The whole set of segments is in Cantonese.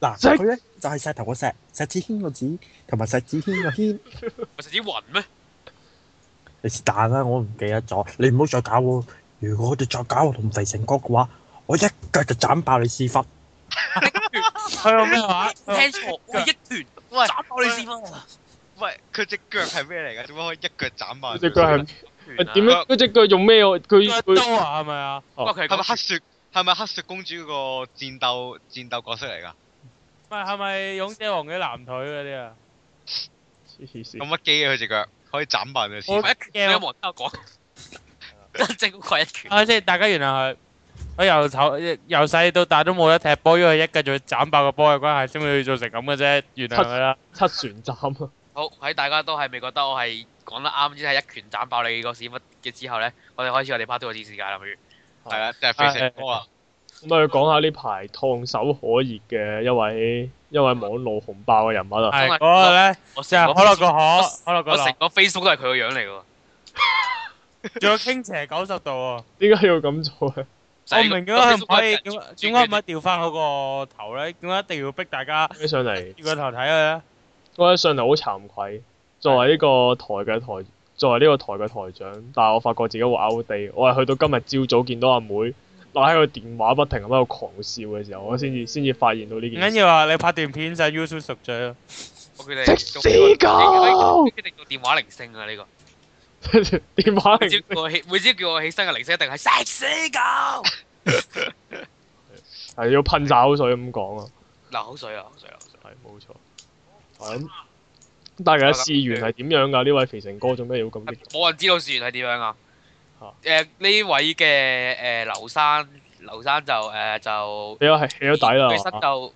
嗱，佢咧就係石頭個石，石子軒個子，同埋石子軒個軒。石子雲咩？你是但啦，我唔記得咗。你唔好再搞我。如果我哋再搞我同肥成哥嘅話，我一腳就斬爆你屎忽。係咩話？聽錯？一拳斬爆你屎忽。喂，佢隻腳係咩嚟噶？點解可以一腳斬爆？隻腳係點？佢隻腳用咩？佢刀啊？係咪啊？係咪黑雪？係咪黑雪公主嗰個戰鬥戰鬥角色嚟噶？唔係，係咪勇者王嘅男腿嗰啲啊？咁乜機啊？佢隻腳可以斬爆啊！我一驚，我同阿廣真正過一拳。即係，大家原諒佢，佢由頭由細到大都冇得踢波，因為一繼續斬爆個波嘅關係，先會做成咁嘅啫。原諒佢啦。七旋斬啊。好喺，大家都係未覺得我係講得啱，只係一拳斬爆你個屎忽嘅之後咧，我哋開始我哋 battle 個知識界啦。係啦，即係 Facebook 啊！咁啊，要講下呢排燙手可熱嘅一位一位網絡紅爆嘅人物啊！嗰個咧，我姓何樂個何，何樂個何，成個 Facebook 都係佢個樣嚟嘅，仲有傾斜九十度啊！點解要咁做啊？我唔明點解唔可以？點解唔可以調翻嗰個頭咧？點解一定要逼大家上嚟轉個頭睇佢咧？我喺上頭好慚愧，作為呢個台嘅台。作為呢個台嘅台長，但係我發覺自己會拗地，我係去到今日朝早見到阿妹攞喺個電話不停咁喺度狂笑嘅時候，我先至先至發現到呢件。唔緊要啊！你拍段片就上 YouTube 熟嘴啊！我叫你食死狗！一定要電話鈴聲啊！呢個電話每朝叫我起身嘅鈴聲一定係食死狗。係 要噴口水咁講啊！嗱，口水啊，口水啊，係冇錯。但係試完係點樣噶？呢位肥成哥做咩要咁？冇人知道事源係點樣啊。誒呢位嘅誒劉生，劉生就誒就起咗起咗底啦！最就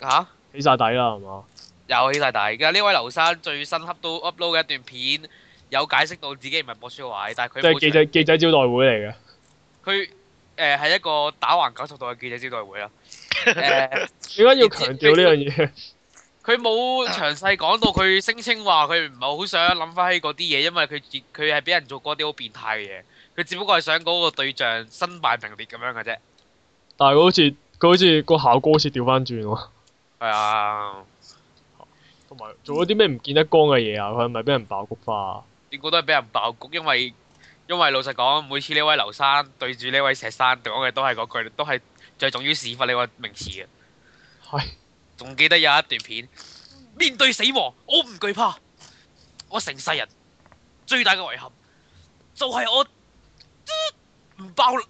嚇起晒底啦，係嘛？又起晒底！而家呢位劉生最新翕到 upload 嘅一段片，有解釋到自己唔係冇書委，但係佢。都係記者記者招待會嚟嘅。佢誒係一個打橫九十度嘅記者招待會啊！誒點解要強調呢樣嘢？ 佢冇詳細講到佢聲稱話佢唔係好想諗翻起嗰啲嘢，因為佢佢係俾人做嗰啲好變態嘅嘢，佢只不過係想嗰個對象身敗名裂咁樣嘅啫。但係佢好似佢好似個校歌好似調翻轉喎。係啊，同埋做咗啲咩唔見得光嘅嘢啊？佢係咪俾人爆菊花啊？點講都係俾人爆菊，因為因為老實講，每次呢位劉生對住呢位石山講嘅都係嗰句，都係最重要，屎忽呢個名詞嘅。係。仲記得有一段片，面對死亡我唔懼怕，我成世人最大嘅遺憾就係我唔爆石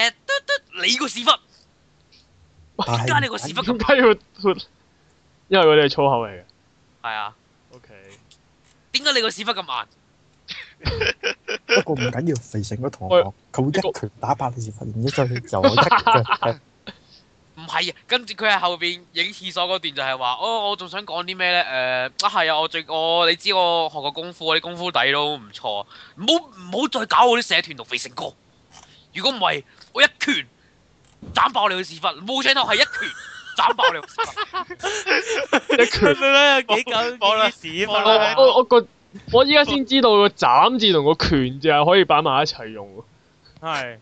得得你個屎忽，點解你個屎忽咁黑黑？因為我哋係粗口嚟嘅，係啊。OK，點解你個屎忽咁慢？不過唔緊要，肥成哥同我講，佢一拳打爆你屎忽，然之後唔係啊，跟住佢喺後邊影廁所嗰段就係話，哦，我仲想講啲咩咧？誒、呃，啊係啊，啊，我最我、哦、你知我學過功夫，我啲功夫底都唔錯。唔好唔好再搞我啲社團同肥成哥。如果唔係，我一拳斬爆你個屎忽。冇錯，係一拳斬爆你個屎忽 一拳。幾斤屎？我我個我依家先知道，個斬字同個拳字係可以擺埋一齊用。係。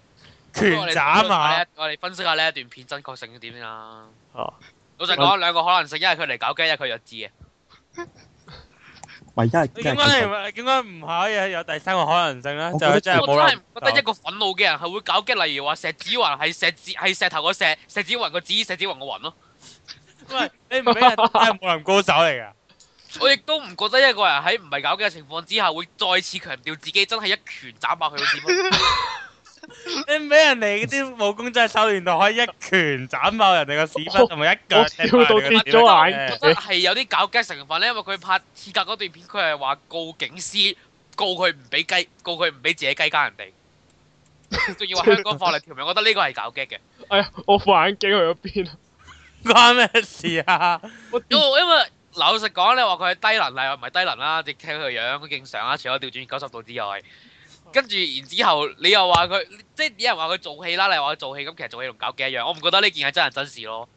拳斬啊！我哋分析下呢一段片真確性點樣啦。哦、老實講，兩我個可能性，一係佢嚟搞機，一係佢弱智嘅。唔點解唔可以有第三個可能性呢？就真係我真覺得一個憤怒嘅人係會搞機，例如話石子云係石子，係石，石頭個石，石子云個子，石子云個云咯。喂，你唔係係武林高手嚟噶？ 我亦都唔覺得一個人喺唔係搞機嘅情況之下，會再次強調自己真係一拳斬爆佢嘅字。 你俾人哋啲武功真係修煉到可以一拳斬爆人哋個屎忽，同埋我一腳踢翻佢。我甩咗眼。我係有啲搞激成分咧，因為佢拍刺格嗰段片段，佢係話告警司，告佢唔俾雞，告佢唔俾自己雞加人哋。仲要話香港放嚟條命， 我覺得呢個係搞激嘅。哎呀，我反激去咗邊？ 關咩事啊？因我的 因為老實講，你話佢係低能係唔係低能啦？直睇佢樣，佢正常啦，除咗調轉九十度之外。跟住然之後你，你又話佢，即係啲人話佢做戲啦。你如話佢做戲咁，其實做戲同搞 G 一樣。我唔覺得呢件係真人真事咯。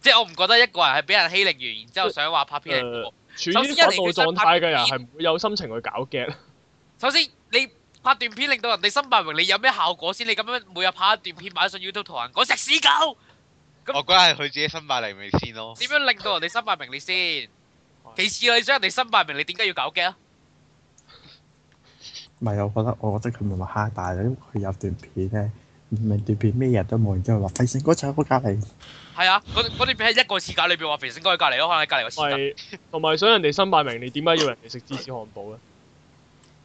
即係我唔覺得一個人係俾人欺凌完，然之後想話拍片。呃、首先發怒狀態嘅人係唔會有心情去搞 G。首先，你拍段片令到人哋身敗名你有咩效果先？你咁樣每日拍一段片擺上 YouTube 同人講食屎狗。咁我覺得係佢自己身敗名未先咯。點樣令到人哋身敗名你先？其次你想人哋身敗名你點解要搞 G 啊？唔係，我覺得我覺得佢唔係話蝦，大係佢有段片咧，唔明段片咩人都冇，然之後話肥城哥就喺嗰隔離。係啊，嗰嗰片喺一個時間裏邊話肥城哥喺隔離咯，可能喺隔離嗰時。係同埋想人哋身敗名你點解要人哋食芝士漢堡咧？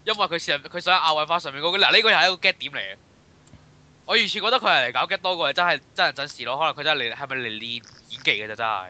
因為佢成佢想喺亞運花上面嗰、這個嗱，呢個又係一個 get 點嚟嘅。我完全覺得佢係嚟搞 get 多過真係真人真事咯，可能佢真係嚟係咪嚟練演技嘅就真係。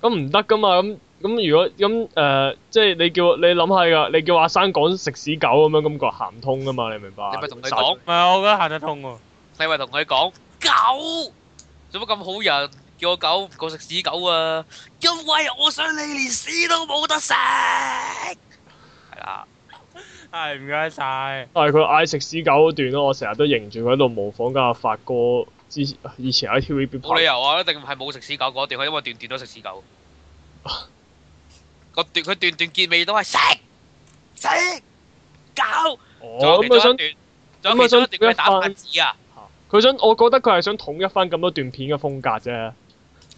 咁唔得㗎嘛，咁咁如果咁誒、呃，即係你叫你諗下㗎，你叫阿生講食屎狗咁樣，咁個行唔通㗎嘛，你明白？你咪同佢講，唔係我覺得行得通喎、啊。你咪同佢講狗，做乜咁好人？叫我狗唔過食屎狗啊！因為我想你連屎都冇得食。係啦。係唔該晒。係佢嗌食屎狗段咯，我成日都認住佢喺度模仿緊阿發哥。之前以前喺 TVB 冇理由啊，一定係冇食屎狗嗰段，佢因為段段都食屎狗。個段佢段段結尾都係食食狗。哦，咁佢想，咁佢想一打翻字啊。佢想，我覺得佢係想統一翻咁多段片嘅風格啫。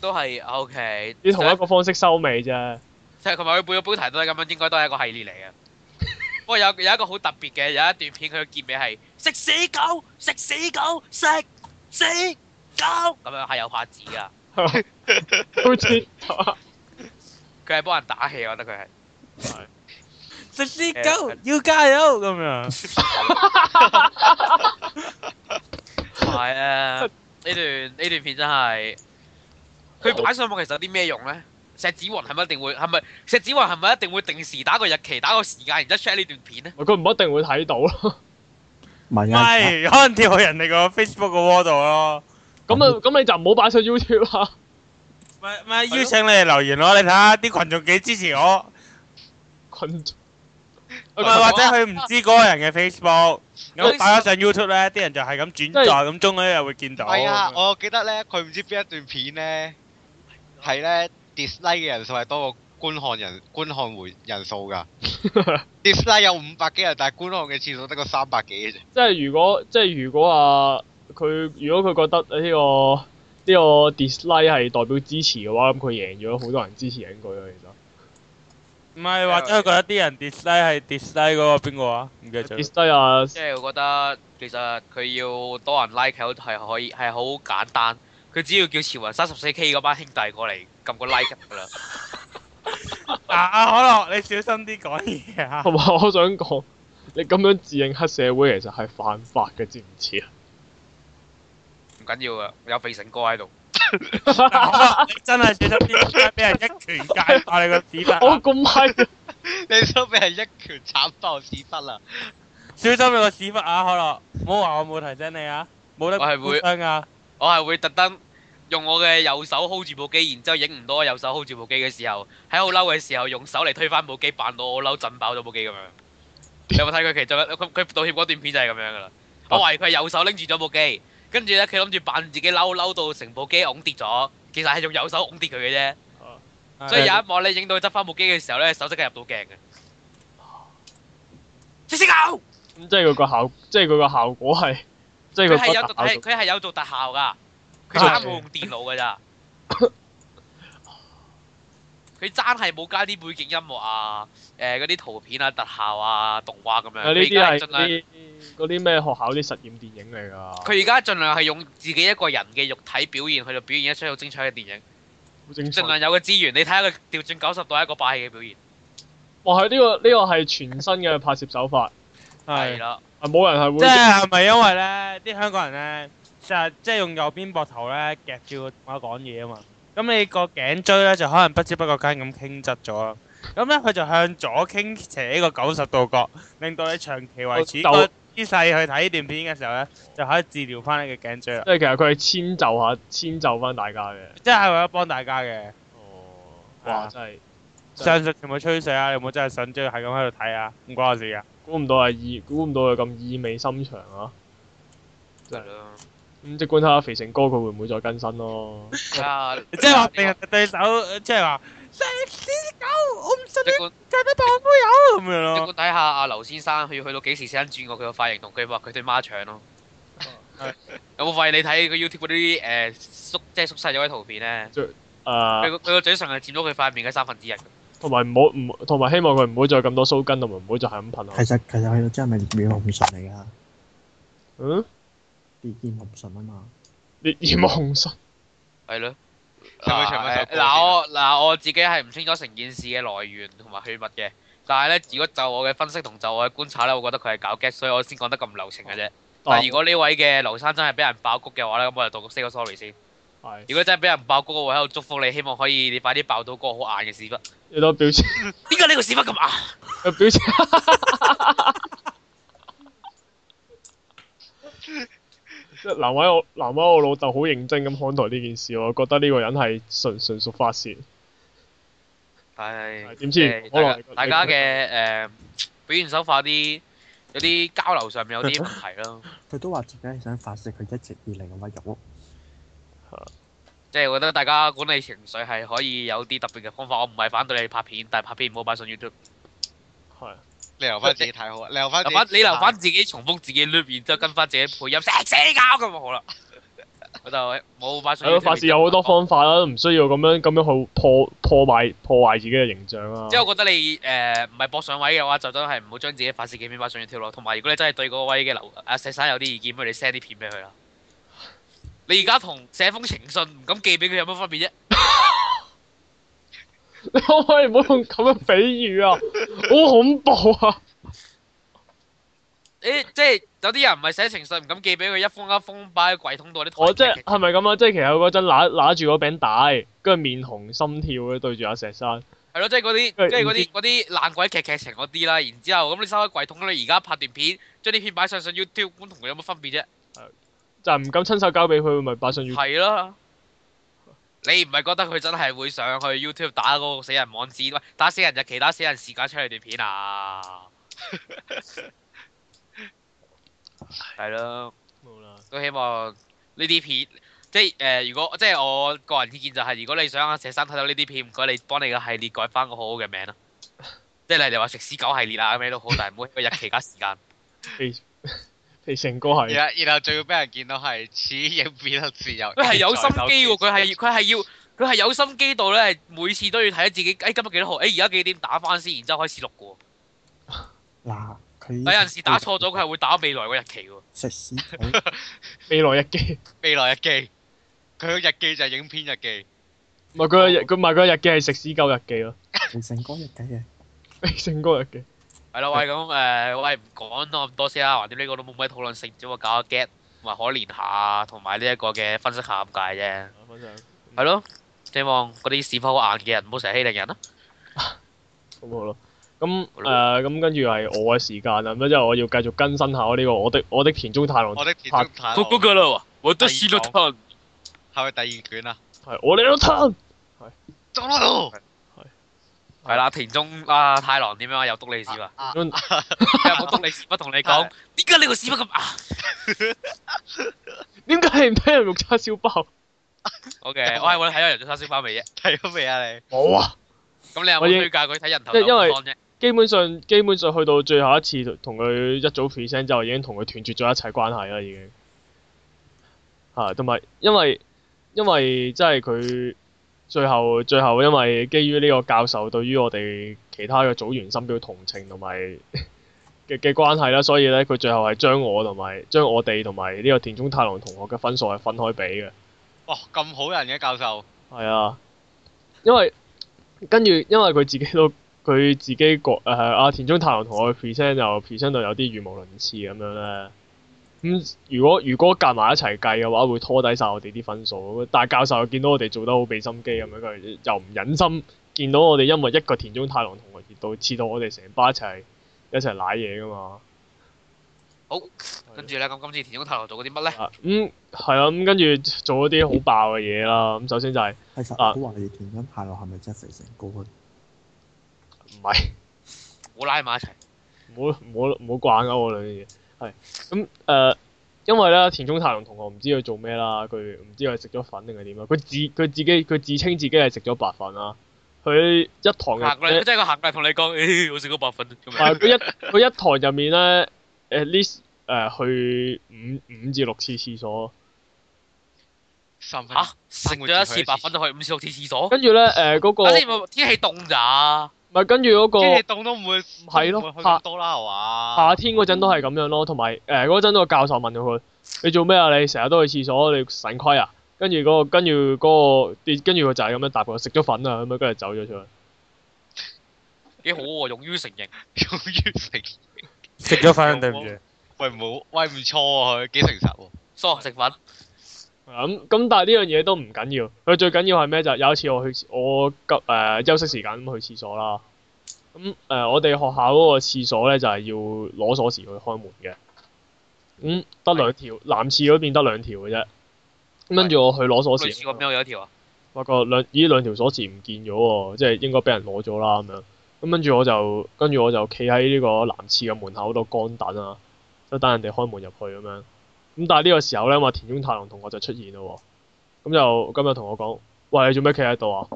都係 O K。啲同一個方式收尾啫。即係佢話佢每個標題都係咁樣，應該都係一個系列嚟嘅。不過有有一個好特別嘅，有一段片佢嘅結尾係食屎狗，食屎狗，食。死狗，咁樣係有法子噶，佢係幫人打氣，我覺得佢係。 死狗，要加油咁樣。係 啊、 哎，呢段呢段片真係。佢擺上網其實有啲咩用咧？石子雲係咪一定會？係咪石子雲係咪一定會定時打個日期，打個時間，然之後 check 呢段片咧？佢唔一定會睇到咯。唔係，可能跳去人哋個 Facebook 個窩度咯。咁啊，咁你就唔好擺上 YouTube 啦。唔係唔係，邀請你哋留言咯。你睇下啲群眾幾支持我。群眾唔係或者佢唔知嗰個人嘅 Facebook，如果擺咗上 YouTube 咧，啲人就係咁轉載，咁中咧又會見到。係啊，我記得咧，佢唔知邊一段片咧，係咧 dislike 嘅人數係多過觀看人觀看回人數㗎 ，dislike 有五百幾人，但係觀看嘅次數得個三百幾嘅啫。即係如果即係如果啊，佢如果佢覺得呢個呢個 dislike 係代表支持嘅話，咁佢贏咗好多人支持嘅佢啊，其實。唔係話，即係覺得啲人 dislike 係 dislike 嗰個邊個啊？唔 記得咗。dis 啊。即係我覺得其實佢要多人 like 佢，係可以係好簡單，佢只要叫慈雲山十四 K 嗰班兄弟過嚟撳個 like 㗎啦。嗱，阿可樂，你小心啲講嘢啊！同埋，我想講，你咁樣自認黑社會，其實係犯法嘅，知唔知啊？唔緊要啊，有肥成哥喺度。你真係小心啲俾人一拳界晒你個屎忽！我咁係，你都俾人一拳鏟爆屎忽啊！小心你個屎忽啊，可樂！唔好話我冇提醒你啊，冇得我係會，我係會特登。用我嘅右手 hold 住部機，然之後影唔到我右手 hold 住部機嘅時候，喺好嬲嘅時候，用手嚟推翻部機，扮到我嬲震爆咗部機咁樣。你有冇睇過其實佢佢道歉嗰段片就係咁樣噶啦。我懷疑佢係右手拎住咗部機，跟住咧佢諗住扮自己嬲，嬲到成部機㧬跌咗。其實係用右手㧬跌佢嘅啫。所以有一幕你影到佢執翻部機嘅時候咧，手即刻入到鏡嘅。黐線狗！咁即係佢個效，即係佢個效果係，即係佢係有做，佢係有做特效噶。佢真係冇用電腦㗎咋，佢真係冇加啲背景音樂啊，誒嗰啲圖片啊、特效啊、動畫咁樣。佢而家盡量嗰啲咩學校啲實驗電影嚟㗎。佢而家盡量係用自己一個人嘅肉體表現，去到表現一出好精彩嘅電影。盡量有個資源，你睇下佢調轉九十度一個霸氣嘅表現。哇！係呢個呢個係全新嘅拍攝手法。係咯。冇的人係會。即係係咪因為咧啲香港人咧？ 即係用右邊膊頭咧夾住同我講嘢啊嘛，咁、嗯、你個頸椎咧就可能不知不覺間咁傾側咗啦，咁咧佢就向左傾斜一個九十度角，令到你長期維持到姿勢去睇呢段片嘅時候咧，就可以治療翻你嘅頸椎啊。即係其實佢係遷就下，遷就翻大家嘅。即係為咗幫大家嘅。哦，哇，啊、真係是。上述全部吹水啊？有冇真係想追係咁喺度睇啊？唔關事啊。估唔到係意，估唔到係咁意味深長啊！真係啦。咁即係睇下阿肥成哥佢會唔會再更新咯？係啊，即係話對手，即係話死狗，我唔信，真係當好友咁樣咯。即係睇下阿劉先生，佢要去到幾時先轉過佢個髮型同佢話佢對孖腸咯。有冇發現你睇佢 YouTube 啲誒縮即係縮細咗啲圖片咧？即係誒，佢佢個嘴唇係佔咗佢塊面嘅三分之一。同埋唔好唔同埋希望佢唔好再咁多鬚根，同埋唔好再係咁噴咯。其實其實佢真係咪面紅唇嚟㗎？嗯。烈焰紅唇啊嘛！烈焰紅唇，係咯，嗱我嗱、啊、我自己係唔清楚成件事嘅來源同埋血脈嘅，但係咧，如果就我嘅分析同就我嘅觀察咧，我覺得佢係搞 gag 所以我先講得咁流情嘅啫。啊啊、但係如果呢位嘅劉生真係俾人爆谷嘅話咧，咁我就道個聲個 sorry 先。是如果真係俾人爆谷嘅話，我喺度祝福你，希望可以你快啲爆到個好硬嘅屎忽。你攞表情，點解呢個屎忽咁硬？你表情！即係難為我難為我老豆好認真咁看待呢件事，我覺得呢個人係純純屬發泄。係是。點知可能大家嘅誒表現手法啲有啲交流上面有啲問題咯。佢 都話自己係想發泄，佢一直以嚟咁樣辱。係。即係我覺得大家管理情緒係可以有啲特別嘅方法。我唔係反對你拍片，但係拍片唔好擺上 YouTube。係。 你留翻自己睇好啊！你 Okay, 留翻，留翻你留翻自己，自己對重複自己錄，然之後跟翻自己配音， 死死搞咁咪好啦！我就冇把聲。發泄 有好多方法啦，唔 需要咁樣咁樣去破破壞破壞自己嘅形象啦、啊。即係我覺得你誒唔係搏上位嘅話，就真係唔好將自己發泄嘅片擺上去跳嚟咯。同埋如果你真係對嗰個位嘅劉阿石生有啲意見，不如你 send 啲片俾佢啦。 你而家同寫封情信唔敢寄俾佢有乜分別啫？ 你可唔可以唔好用咁嘅比喻啊？好恐怖啊！誒、欸，即係有啲人唔係寫情信唔敢寄俾佢，一封一封擺喺櫃桶度啲。我即係咪咁啊？即係其實佢嗰陣拿拿住嗰餅帶，跟住面紅心跳嘅對住阿石山。係咯、啊，即係嗰啲，后即係嗰啲嗰啲爛鬼劇劇情嗰啲啦。然之後咁你收喺櫃桶，你而家拍段片，將啲片擺上上 YouTube 同佢有乜分別啫？係、嗯、就唔、是、敢親手交俾佢，咪擺上 YouTube。係啦。你唔係覺得佢真係會上去 YouTube 打嗰個死人網址，喂，打死人就其他死人時間出嚟段片啊，係咯笑笑，都希望呢啲片即係誒、呃，如果即係我個人意見就係、是，如果你想阿謝生睇到呢啲片，唔該你幫你個系列改翻個好好嘅名啦， 即係你哋話食屎狗系列啊，咩都好，但係唔好日期加時間。 肥成哥係，然後然後仲要俾人見到係似影片啊自由，佢係有心機喎，佢係佢係要佢係有心機到咧，係每次都要睇下自己，哎今日幾多號，哎而家幾點打翻先，然之後開始錄嘅喎。嗱，佢有陣時打錯咗，佢係會打未來個日期喎。食屎！未來日記，未來日記，佢個日記就係影片日記。唔係佢個，佢唔係佢個日記係食屎狗日記咯。肥成哥日記嘅，肥成哥日記。係咯，喂，咁，誒，喂，唔講咁多先啦，橫掂呢個都冇咩討論性，只係搞下 get 同埋可憐下，同埋呢一個嘅分析下咁解啫。係咯，希望嗰啲屎忽好硬嘅人唔好成日欺凌人啦。咁好咯，咁誒，咁跟住係我嘅時間啦，咁之後我要繼續更新下我呢個我的我的田中太郎。我的田中太郎。好嗰個啦，我的史努頓。係咪第二卷啊？係我的史努頓。係。走咯。係啦，田中啊，太郎點樣啊？又督利是啦，有冇督利是，不同你講，點解你個屎忽咁硬？點解你唔睇人肉叉燒包？O K，我係我睇下人肉叉燒包未啫？睇咗未啊你？冇啊。咁你係可以推介佢睇人頭咁乾啫？基本上，基本上去到最後一次同佢一組 present 就已經同佢斷絕咗一切關係啦，已經。啊，同埋因為因為即係佢。最後最後，最後因為基於呢個教授對於我哋其他嘅組員深表同情同埋嘅嘅關係啦，所以咧，佢最後係將我同埋將我哋同埋呢個田中太郎同學嘅分數係分開畀嘅。哇、哦！咁好人嘅、啊、教授。係啊，因為跟住因為佢自己都佢自己覺誒啊田中太郎同學 present 就 present 到有啲語無倫次咁樣咧。咁如果如果夾埋一齊計嘅話，會拖低晒我哋啲分數。但係教授到又見到我哋做得好俾心機咁樣，佢又唔忍心見到我哋因為一個田中太郎同我熱到，熱到我哋成班一齊一齊舐嘢噶嘛。好，跟住咧，咁今次田中太郎做嗰啲乜咧？嗯，係啊，咁跟住做咗啲好爆嘅嘢啦。咁、嗯、首先就係、是、啊，好懷疑田中太郎係咪真係成個唔係唔好拉埋一齊，唔好唔好唔好掛鈎我哋啲嘢。係咁誒，因為咧，田中太郎同學唔知佢做咩啦，佢唔知佢係食咗粉定係點啦，佢自佢自己佢自稱自己係食咗白粉啦，佢一堂嘅，即係佢行過嚟同、呃、你講，我食咗白粉。佢、嗯、 一佢一堂入面咧，at least 誒去五五至六次廁所。嚇分！食咗、啊、一次白粉就去五次六次廁所。跟住咧，誒嗰個天氣凍咋、啊。咪跟住嗰個，凍都唔會，係咯，夏多啦係嘛？夏天嗰陣都係咁樣咯，同埋誒嗰陣嗰個教授問佢：你做咩啊？你成日都去廁所，你腎虧啊？跟住嗰個，跟住嗰個，跟住佢仔係咁樣答佢：食咗粉啦，咁樣跟住走咗出去。幾好喎、啊！勇於承認，勇於承認。食咗粉對唔住，喂唔好，喂唔錯喎佢幾誠實喎，科食、啊、 粉。咁咁、嗯，但係呢樣嘢都唔緊要。佢最緊要係咩就？有一次我去我急誒、呃、休息時間咁去廁所啦。咁、嗯、誒、呃，我哋學校嗰個廁所咧就係、是、要攞鎖匙去開門嘅。咁得兩條男廁嗰邊得兩條嘅啫。咁的跟住我去攞鎖匙。你試邊有一條啊？發覺兩咦，兩條鎖匙唔見咗喎，即係應該俾人攞咗啦咁樣。咁跟住我就跟住我就企喺呢個男廁嘅門口度乾等啊，都等人哋開門入去咁樣。咁但係呢個時候呢，話田中太郎同學就出現咯，咁就今日同我講：，喂，你做咩企喺度啊？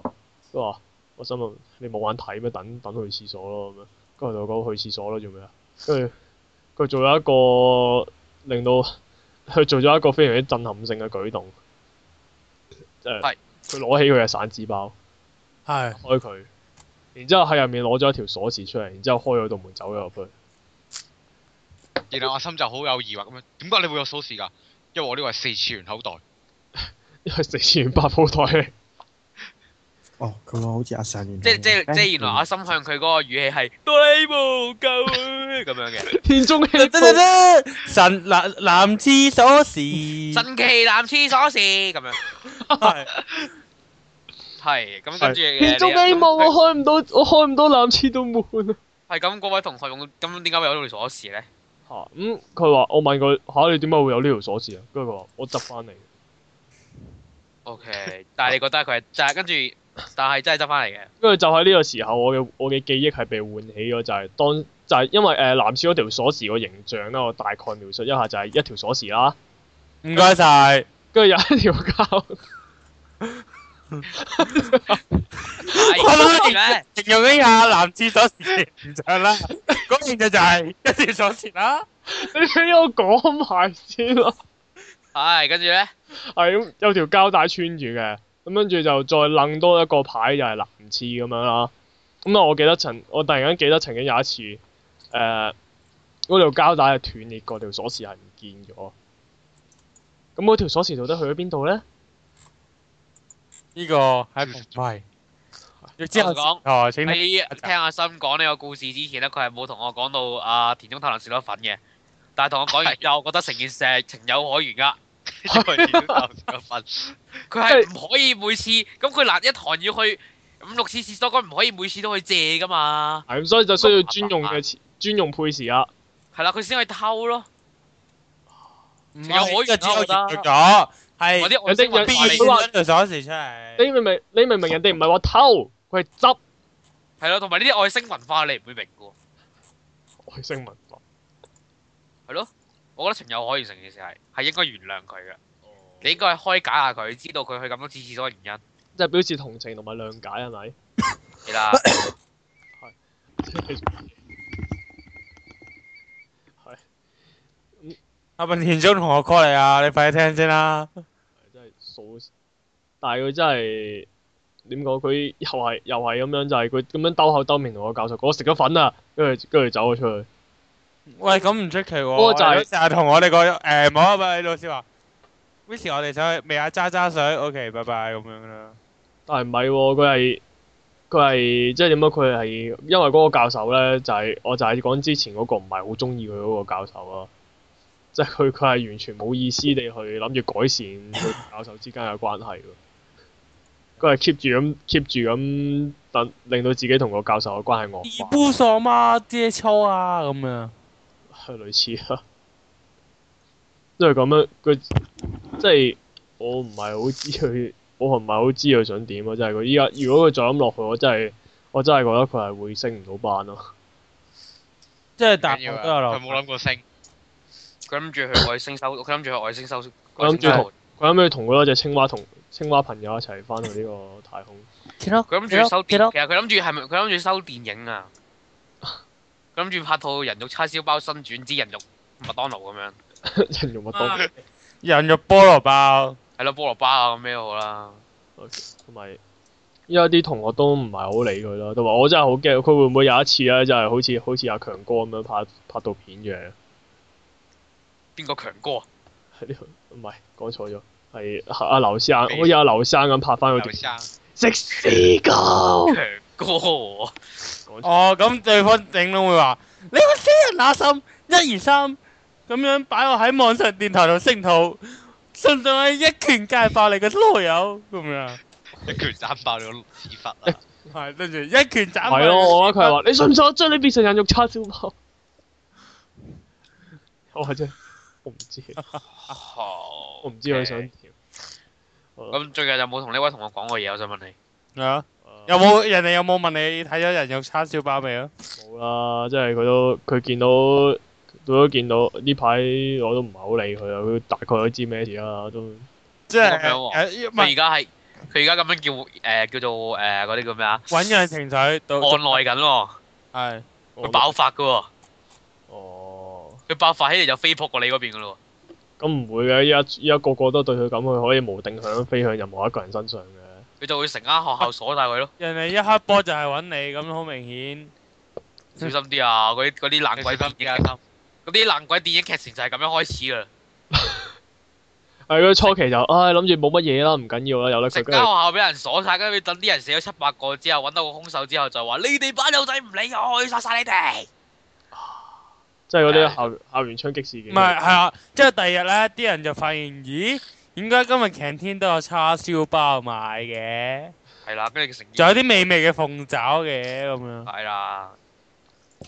佢話，我心諗，你冇眼睇咩？等等去廁所咯咁樣。跟住同我講去廁所咯，做咩啊？跟住佢做咗一個令到佢做咗一個非常之震撼性嘅舉動，即係佢攞起佢嘅散紙包，係開佢，然之後喺入面，攞咗一條鎖匙出嚟，然之後開咗道門走咗入去。然來我心就好有疑惑咁樣，點解你會有鎖匙噶？因為我呢個係四次元口袋，因為四次元八寶袋。哦，咁話好似阿神，即即即原來我心向佢嗰個語氣係對無救咁樣嘅。天中奇物真係咧，神男男廁所匙，神奇男廁所匙咁樣。係咁跟住嘅天縱奇物，我開唔到，我開唔到男廁的門啊！係咁，位同學用咁點解會有條鎖匙咧？吓咁佢話我問佢吓、啊、你點解會有條鎖呢條鎖匙啊？跟住佢話我執翻嚟。O、okay, K，但係你覺得佢係就係跟住，但係真係執翻嚟嘅。跟住就喺呢個時候，我嘅我嘅記憶係被喚起咗，就係、是、當就係、是、因為誒、呃，藍色嗰條鎖匙個形象啦，我大概描述一下，就係、是、一條鎖匙啦。唔該晒，跟住有一條膠。 我諗住形容一下男廁所鎖匙。唔錯啦。咁現就就係一條鎖匙啦。你俾我講埋先啦。係，跟住咧，係咁有條膠帶穿住嘅，咁跟住就再掹多一個牌，就係男廁咁樣啦。咁啊，我記得曾，我突然間記得曾經有一次，誒，嗰條膠帶係斷裂，嗰條鎖匙係唔見咗。咁嗰條鎖匙到底去咗邊度咧？呢個係咪？你之後講，請你聽阿森講呢個故事之前咧，佢係冇同我講到阿田中太郎屎多份嘅，但係同我講完之後，我覺得成件事情有可原噶。因為田中太郎屎多份，佢係唔可以每次咁，佢嗱一堂要去五六次廁所，佢唔可以每次都去借噶嘛。係咁，所以就需要專用嘅專用配匙啊。係啦，佢先去偷咯。唔可以嘅，只有入咗。係，有啲有啲人佢話做咗事出嚟，你明唔明？你明唔明？人哋唔係話偷，佢係執，係咯。同埋呢啲外星文化，你唔會明噶。外星文化，係咯。我覺得情有可原，成件事係，係應該原諒佢噶。你應該係開解下佢，知道佢去咁多次次都係原因。即係表示同情同埋諒解，係咪？係啦。係。阿文年中同學 call 你啊，you, 你快啲聽先啦。真係數，但係佢真係點講？佢又係又係咁樣，就係佢咁樣兜口兜面同個教授講我食咗粉啦，跟住跟住走咗出去。喂、那個，咁唔出奇喎。嗰個成日同我哋講，誒，冇啊，咪老師話 Miss 我哋想去未啊？揸揸水，OK，拜拜咁樣啦。但係唔係喎，佢係佢係即係點樣？佢係因為嗰個教授咧、啊，就係我就係講之前嗰個唔係好中意佢嗰個教授咯。即係佢，佢係完全冇意思地去諗住改善佢同教授之間嘅關係，佢係 keep 住咁，keep 住咁等令到自己同個教授嘅關係惡化。唔爽啊，D S O 啊，咁樣。係類似啦，因為咁樣，佢即係我唔係好知佢，我唔係好知佢想點啊。即係佢依家，如果佢再咁落去，我真係我真係覺得佢係會升唔到班咯。即係但係佢冇諗過升。佢諗住去外星收，佢諗住去外星收。佢諗住同，佢諗住同嗰一隻青蛙同青蛙朋友一齊翻去呢個太空。佢諗住收， 其實佢諗住係咪佢諗住收電影啊？佢諗住拍套人肉叉燒包新轉之人肉麥當勞咁樣。 人肉麥當， 人肉菠蘿包。係咯 菠蘿包啊咩都好啦。同埋，依家啲同學都唔係好理佢咯，同埋我真係好驚佢會唔會有一次咧，就係好似好似阿強哥咁樣拍拍到片嘅。邊個強哥？啊？呢唔係，講錯咗，係阿劉生，好似阿劉生咁拍翻個電。生，食死咁強哥。 哦，咁對方梗都會話你那個死人乸心，一二三咁樣擺我喺網上電台度聲討，信唔信一拳界爆你個籮柚咁樣、 欸？一拳斬爆你個屎忽啊！係跟住一拳斬。係咯， 我一拳話你信唔信，不信我？我將你變成人肉叉燒包。我真。我唔知，Okay. 我唔知佢想點。咁最近有冇同呢位同學講過嘢？我想問你。啊。Yeah. uh, 有冇人哋有冇問你睇咗人肉叉燒包未啊？冇啦，即係佢都佢見到，佢都見到呢排我都唔係好理佢啊。佢大概都知咩事啦，都即係是。佢而家係，佢而家咁樣叫誒、呃，叫做誒嗰啲叫咩啊？搵人停仔按耐緊咯。係。佢爆發噶喎。佢爆發起嚟就飛撲過你嗰邊噶咯喎！咁唔會嘅，依家依家個個都對佢咁，佢可以無定向飛向任何一個人身上嘅。佢就會成間學校鎖曬佢咯。人哋一黑波就係揾你，咁好明顯。小心啲啊！嗰啲嗰啲爛鬼心，嗰啲爛鬼電影劇情就係咁樣開始啦。係，佢初期就唉諗住冇乜嘢啦，唔緊要啦，有得食間學校俾人鎖曬，跟住等啲人死咗七八個之後，揾到個兇手之後，就話你哋班友仔唔理我，我要殺曬你哋。即係嗰啲校校園槍擊事件。唔係，係啊！即係第二日咧，啲人就發現，咦？點解今日 canteen 都有叉燒包賣嘅？係啦，跟住食。仲有啲美味嘅鳳爪嘅咁樣的。係啦、嗯。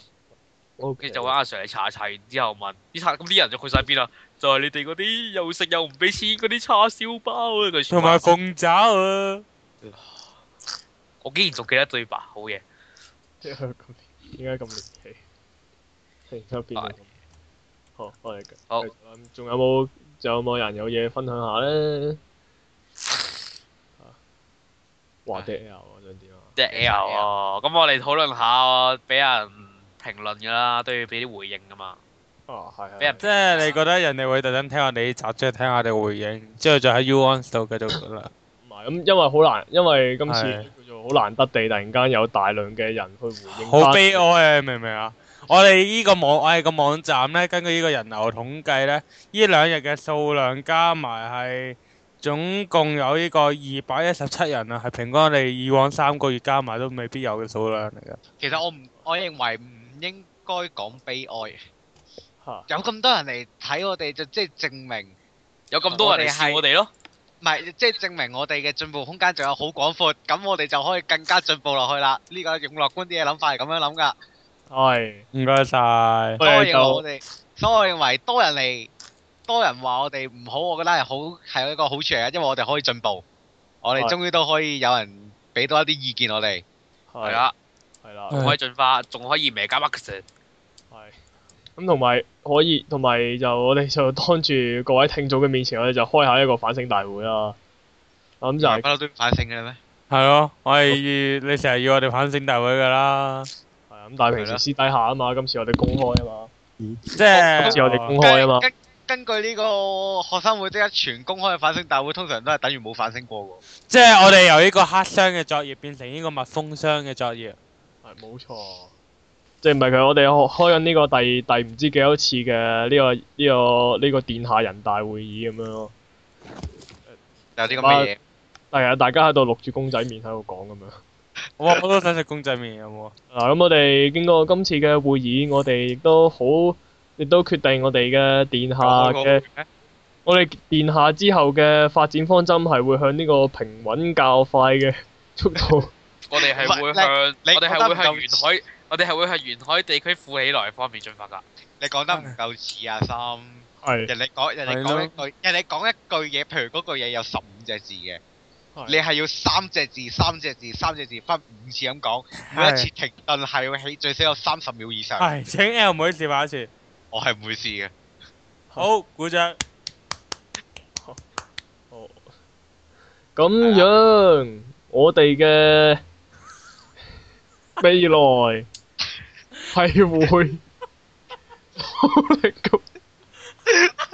O Okay . K，就揾阿、啊、Sir 嚟查一查，查完之後問，你查咁啲人就去晒邊啦？就係、是、你哋嗰啲又食又唔俾錢嗰啲叉燒包啊！同埋鳳爪啊！ 我竟然仲記得對白，好嘢！即係點解咁亂氣？然之後變咗，好，幫你繼續。咁仲有冇？仲有冇人有嘢分享下咧？哇！啲 L 想點啊？啲 L 啊，咁我哋討論下，俾人評論㗎啦，都要俾啲回應㗎嘛。哦，係係。即係你覺得人哋會特登聽下你集，即係聽下你回應，之後再喺 U One 度繼續討論。唔係咁，因為好難，因為今次叫做好難得地，突然間有大量嘅人去回應。好悲哀啊！明唔明啊？我哋呢個網，我哋個網站呢，根據呢個人流統計呢，呢兩日嘅數量加埋係總共有呢個二百一十七人啊，係平均我哋以往三個月加埋都未必有嘅數量嚟噶。其實我唔，我認為唔應該講悲哀。吓，有咁多人嚟睇我哋，就即係證明有咁多人嚟睇我哋咯。唔係，即係證明我哋嘅進步空間仲有好廣闊，咁我哋就可以更加進步落去啦。呢個用樂觀啲嘅諗法係咁樣諗噶。係，唔該晒。多嘢我哋，所以我認為多人嚟，多人話我哋唔好，我覺得係好係一個好處嚟嘅，因為我哋可以進步，我哋終於都可以有人俾多一啲意見我哋。係啦，係啦，仲可以進化，仲可以咩加乜嘅事？係，咁同埋可以，同埋就我哋就當住各位聽眾嘅面前，我哋就開下一個反省大會啦。咁就不嬲都要反省嘅咩？係咯，我係你成日要我哋反省大會噶啦。咁但平時私底下啊嘛，嗯、今次我哋公開啊嘛，即係今次我哋公開啊嘛。嗯、根、根據呢個學生會即刻全公開嘅反省大會，通常都係等於冇反省過噶。即係我哋由呢個黑箱嘅作業變成呢個密封箱嘅作業。係冇錯。錯即係唔係佢，我哋開開緊呢個第第唔知幾多次嘅呢、呢個呢、呢個呢、呢個殿下人大會議咁樣咯。有啲咁嘅嘢。係啊，大家喺度錄住公仔麵喺度講咁樣。我我都想食公仔麵，有冇啊？嗱，咁我哋經過今次嘅會議，我哋亦都好，亦都決定我哋嘅殿下嘅， 我哋殿下之後嘅發展方針係會向呢個平穩較快嘅速度。 我哋係會向，你我哋係會向沿海，像我哋係會向沿海地區富起來嘅方面進發噶。你講得唔夠似啊，三。係 是。人哋講的，人哋講一句，人哋講一句嘢，譬如嗰句嘢有十五隻字嘅。你係要三隻字，三隻字，三隻字，分五次咁講，每一次停頓係要起最少有三十秒以上。係，請 L 妹試下一次。我係唔會試嘅。好，鼓掌。好，咁樣，我哋嘅未來係會努力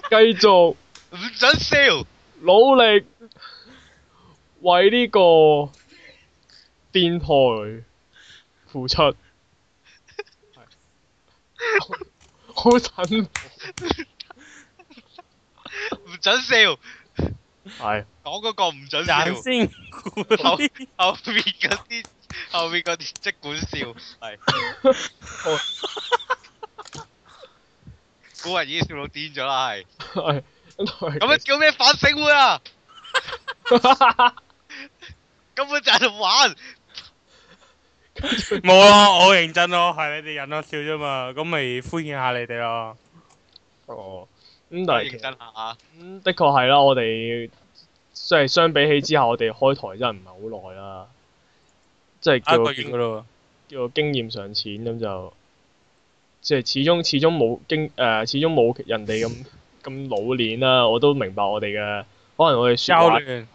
繼續，唔准笑，努力。為呢個電台付出，係， 好蠢，唔 准笑，係，講嗰個唔准笑，先 後， 後面嗰啲，後面嗰啲即管笑，係 是，好，古人已經笑到癲咗啦，係，咁咩 叫咩反省會啊？ 根本就係玩， 冇、哦嗯嗯、啊，我好認真咯，係你哋忍咗笑啫嘛，咁咪歡迎下你哋咯。哦，咁但係，認真下。咁的確係啦，我哋即係相比起之後，我哋開台真係唔係好耐啦。即係一個月噶咯喎。叫做經驗上淺咁就，即、就、係、是、始終始終冇經誒，始終冇、呃、人哋咁咁老練啦、啊。我都明白我哋嘅，可能我哋教練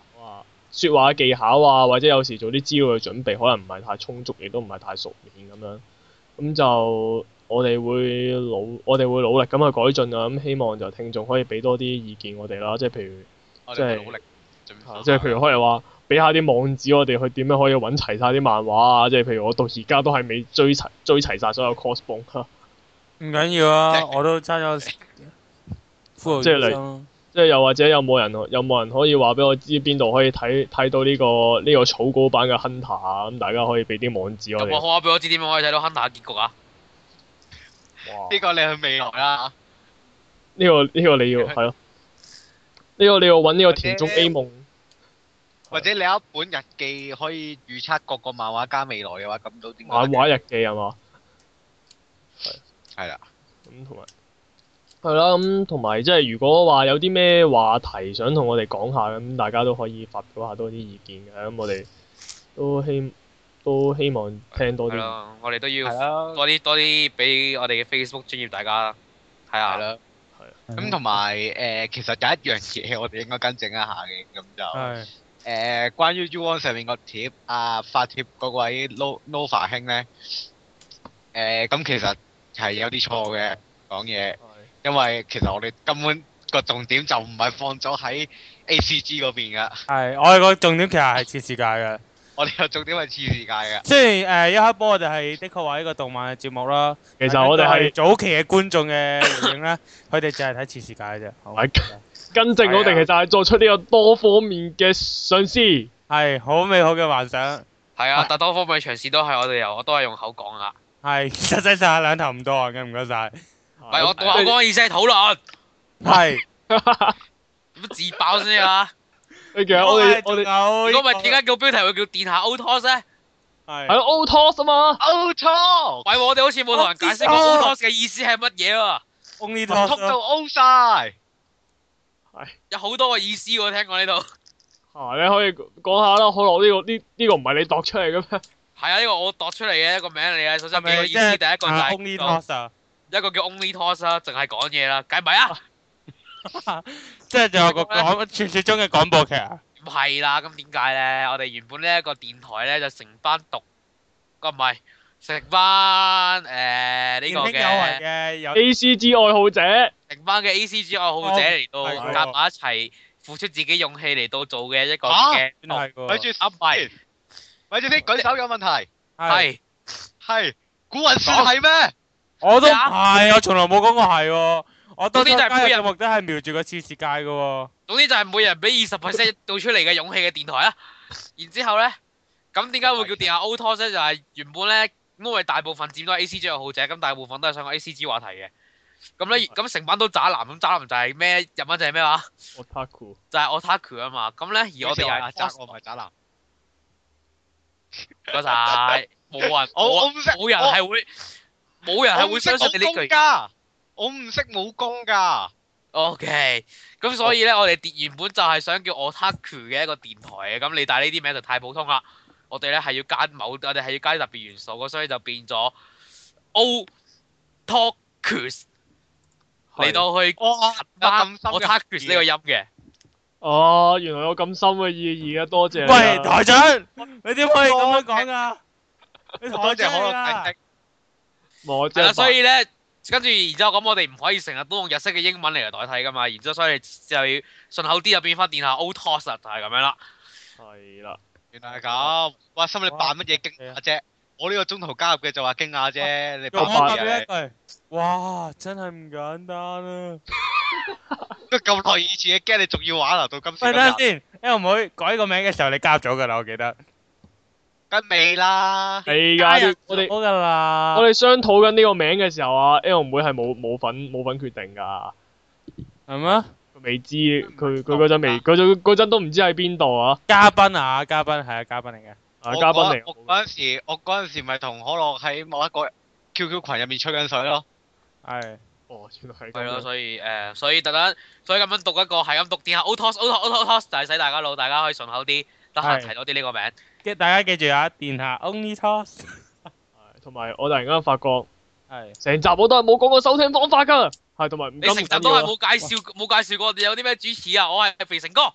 說話技巧啊，或者有時做啲資料嘅準備，可能唔係太充足，亦都唔係太熟練咁樣。咁、嗯、就我哋會努，我哋會努力咁去改進啊。咁希望就聽眾可以俾多啲意見我哋啦，即係譬如，即係即係譬如可能話俾下啲網址我哋去點樣可以揾齊晒啲漫畫啊。即係譬如我到而家都係未追齊，追齊晒所有 Crossbone。唔緊要啊，我都差咗。即係嚟。即係又或者有冇人有冇人可以話俾我知邊度可以睇睇到呢、這個呢、這個草稿版嘅 Hunter 咁大家可以俾啲網址我。咁可唔可以俾我知點樣可以睇到 Hunter 嘅結局啊？呢個你去未來啦。呢、這個呢、這個你要係咯？呢、這個你要搵呢個田中 A 夢，either, 或者你有一本日記可以預測各個漫畫家未來嘅話，咁到點？漫畫日記係嘛？係係啦。咁同埋。係啦，咁同埋即係如果話有啲咩話題想同我哋講下，咁大家都可以發表下多啲意見嘅，咁、嗯、我哋都希都希望聽多啲。係我哋都要多啲的多啲俾我哋嘅 Facebook 專業大家睇下。係啊。係。咁同埋誒，其實有一樣嘢，我哋應該更正一下嘅，咁就誒的、呃、關於、y、U o n 上面個貼啊，發貼嗰位 Nova 兄咧，誒、呃、咁其實係有啲錯嘅講嘢。因為其實我哋根本個重點就唔係放咗喺 A C G 嗰邊噶。係我哋個重點其實係次世界噶。我哋個重點係次世界噶。即係誒，一開波我哋係的確話呢個動漫嘅節目啦，其實我哋係早期嘅觀眾嘅回影啦，佢哋就係睇次世界嘅啫。好，跟正我哋其實係做出呢個多方面嘅嘗試，係好美好嘅幻想。係啊，但多方面嘅嘗試都係我哋由我都係用口講啦。係實際上下兩頭唔多啊，唔該晒。唔係我我講嘅意思係討論，係，乜自爆先啊？你其實我哋我哋，如果唔係點解叫標題會叫殿下 O Tos 咧？係，係 O Tos 啊嘛，O Tos。喂，我哋好似冇同人解釋過 O Tos 嘅意思係乜嘢啊？Only Talk toO 晒，係。有好多個意思喎，聽過呢度。吓，你可以講下啦。好啦，呢個呢呢個唔係你度出嚟噶咩？係啊，呢個我度出嚟嘅一個名嚟嘅，首先幾個意思，第一個就係。一個叫 Only Tos 啦，淨係講嘢啦，解咪啊？即係就係個講傳說中嘅廣播劇啊！唔係啦，咁點解咧？我哋原本呢一個電台咧就成班讀，個唔係成班誒呢個嘅有 A C G 愛好者，成班嘅 A C G 愛好者嚟到夾埋一齊，付出自己勇氣嚟到做嘅一個嘅，舉住啲唔係，舉住啲舉手有問題，係係古雲算係咩？我都係、啊哦，我從來冇講過係。我，到之就係每日目者係瞄住個次次界噶。總之就係每人俾二十 percent 到出嚟嘅勇氣嘅電台啊。然之後咧，咁點解會叫電下 O Talk 就係、是、原本咧，因為大部分占都係 A C G 愛好者，咁大部分都係上個 A C G 話題嘅。咁咧，咁成班都渣男，咁渣男就係咩？日文就係咩話？O 就係 Otaku 啊嘛。咁咧，而我哋又係渣， 我唔係渣男。唔該晒，冇人，我冇 人係 會。 冇人係會相信你呢句噶，我唔識武功噶。OK，咁所以咧，我哋碟原本就係想叫 Otaku 嘅一個電台嘅，咁你帶呢啲名就太普通啦。我哋咧係要加某，我哋係要加啲特別元素，所以就變咗 O Talker 嚟到去我我我 Talker 呢個音嘅。哦，原來有咁深嘅意義啊！多謝。喂，台長，你點可以咁樣講啊？多謝我。係啦，所以咧，跟住然之後咁，我哋唔可以成日都用日式嘅英文嚟嚟代替噶嘛，然之後所以就要順口啲又變翻變下 old toss 啦，就係咁樣啦。係啦，原來係咁，哇，心裏扮乜嘢驚訝啫？哇我呢個中途加入嘅就話驚訝啫，哇你唔好介意哇，真係唔簡單啊！咁耐 以前嘅 game 你仲要玩啊？到今時今日等。等下先，L 妹改個名嘅時候你加咗噶啦，我記得。跟尾啦，而家我哋我哋我哋商討緊呢個名嘅時候，啊，L 妹係冇冇份冇份決定噶，係咩？未知，佢佢嗰陣未，佢嗰陣都唔知喺邊度啊！嘉賓啊，嘉賓係啊，嘉賓嚟嘅，嘉賓嚟。我嗰陣時，我嗰陣時咪同可樂喺某一個 QQ 群入面吹緊水咯，係，哦，原來係。係咯，所以誒，所以特登，所以咁樣讀一個，係咁讀點下 otosotosotos，就係使大家腦，大家可以順口啲。得閒一齊攞啲呢個名，跟住大家記住啊，殿下 Only Toss，係，同埋我突然間發覺，係，成集我都係冇講過收聽方法噶，係，同埋你成集都係冇介紹，冇介紹過有啲咩主持啊，我係肥成哥，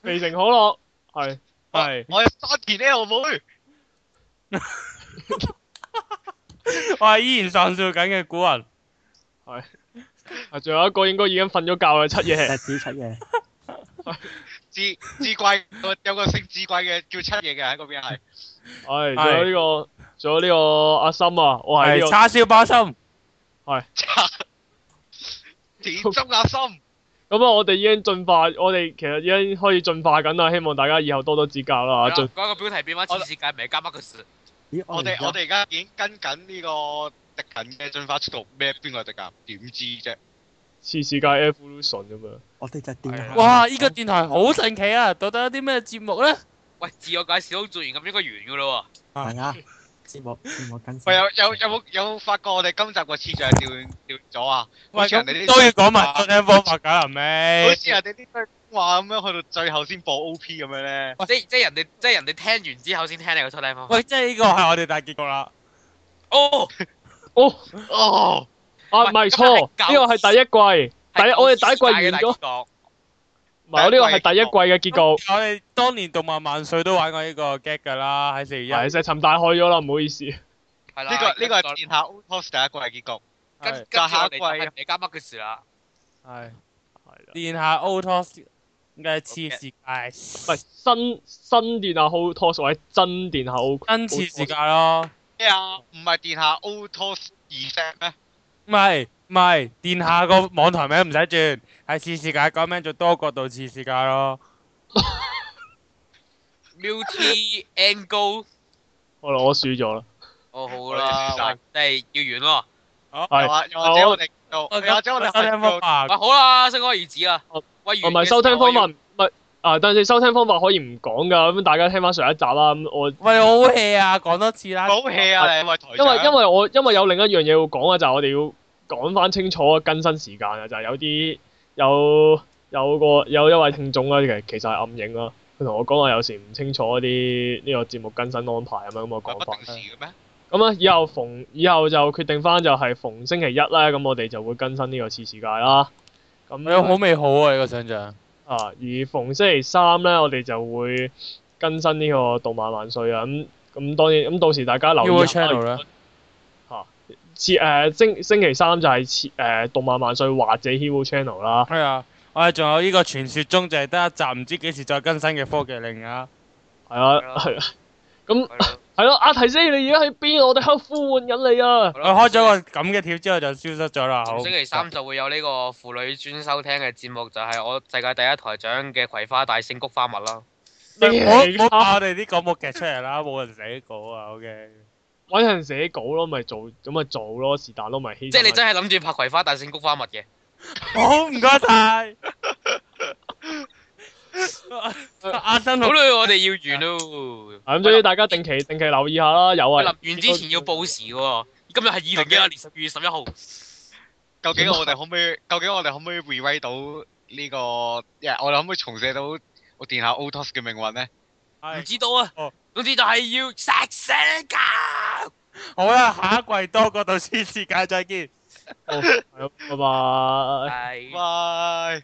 肥成好樂，係，係，我係山田浩武，我係依然上笑緊嘅古人，係。啊，仲有一個應該已經瞓咗覺啦，七夜爺，子七夜，智智怪有個姓智怪嘅叫七夜嘅喺嗰邊係，係仲有呢個，仲有呢個阿心啊，我係叉燒巴心，係叉點心阿心，咁啊，我哋已經進化，我哋其實已經開始進化緊啦，希望大家以後多多指教啦吓，嗰個標題變翻我哋我哋而家已經跟緊呢個。敵近嘅進化速度咩？邊個得近？點知啫？次次架 Evolution 都順噶嘛？我哋隻電台哇！呢、這個電台好神奇啊！到底有啲咩節目咧？喂，自我介紹做完咁應該完噶咯喎。係啊，節、 啊、目，節目跟。 喂，有有有冇有冇發覺我哋今集個次序調調咗啊？喂， 人哋都要講埋出聽方法嘉林咩？好似人哋啲普通話咁樣，去到最後先播 OP 咁樣咧喂。即人即人哋即人哋聽完之後先聽你個出聽風。 喂，即呢個係我哋大結局啦。哦。Oh! 哦，哦，啊，唔係錯，呢個係第一季，第我哋第一季完咗，唔係，呢個係第一季嘅結局。我哋當年動漫萬歲都玩過呢個 gag 噶啦，喺四月一號，係就沉大海咗啦，唔好意思。呢個呢個係殿下 Otos 第一季嘅結局。下季你加乜嘅事啦？係係。殿下 Otos 嘅次世界，唔係新新電下 Otos 或者新電下 O，新次世界咯。咩啊？唔係殿下 auto 二 set 咩？唔係唔係，殿下個網台名唔使轉，係視視界改名，做多角度視視界咯。multi angle，好啦，我輸咗啦。哦，好啦，我哋要完咯。係，又或者我哋又或者我哋收聽封面。啊好啦，適可而止啦。喂，唔係收聽封面，唔係。啊！但係收聽方法可以唔講噶，咁大家聽翻上一集啦。咁我喂，我好氣啊！講 多次啦，好氣啊因，因為因為我因為有另一樣嘢要講啊，就係、是、我哋要講翻清楚更新時間啊，就係、是、有啲有有個有一位聽眾啊，其實其實係暗影啊，佢同我講話有時唔清楚啲呢個節目更新安排咁樣咁嘅講法。講不定時嘅咩？咁啊，以後逢以後就決定翻就係逢星期一啦。咁我哋就會更新呢個次世界啦。咁樣、哎、呀好美好啊！呢個想象。啊！而逢星期三咧，我哋就會更新呢個《動漫萬歲》啊、嗯！咁、嗯、咁、嗯、當然，咁、嗯、到時大家留意翻啦。嚇 Hero Channel、啊！設、啊、誒星星期三就係設誒《動漫萬歲》或者 Hero Channel 啦。係啊，我哋仲有呢個傳説中就係得一集，唔知幾時再更新嘅科技令啊！係啊，係啊，咁。係咯，阿提斯，你而家喺邊啊？我哋喺呼喚緊你啊！我開咗個咁嘅貼之後就消失咗啦。好，星期三就會有呢個婦女專收聽嘅節目，就係我世界第一台長嘅《葵花大聖菊花蜜》啦。我我拍我哋啲廣播劇出嚟啦，冇人寫稿啊。O K，搵人寫稿咯，咪做咁咪做咯，是但咯，咪希。即係你真係諗住拍《葵花大聖菊花蜜》嘅。好，唔該晒。阿生好，我哋要完咯，咁所以大家定期定期留意下啦，有啊。立完之前要報時喎，今日係二零二一年十二月十一號。究竟我哋可唔可以？究竟我哋可唔可以 rewrite 到呢個？誒，我哋可唔可以重寫到我殿下 Otus 嘅命運呢？唔知道啊。總之就係要食死噶。好啦，下一季多過到黐線仔再見。好，拜拜。拜。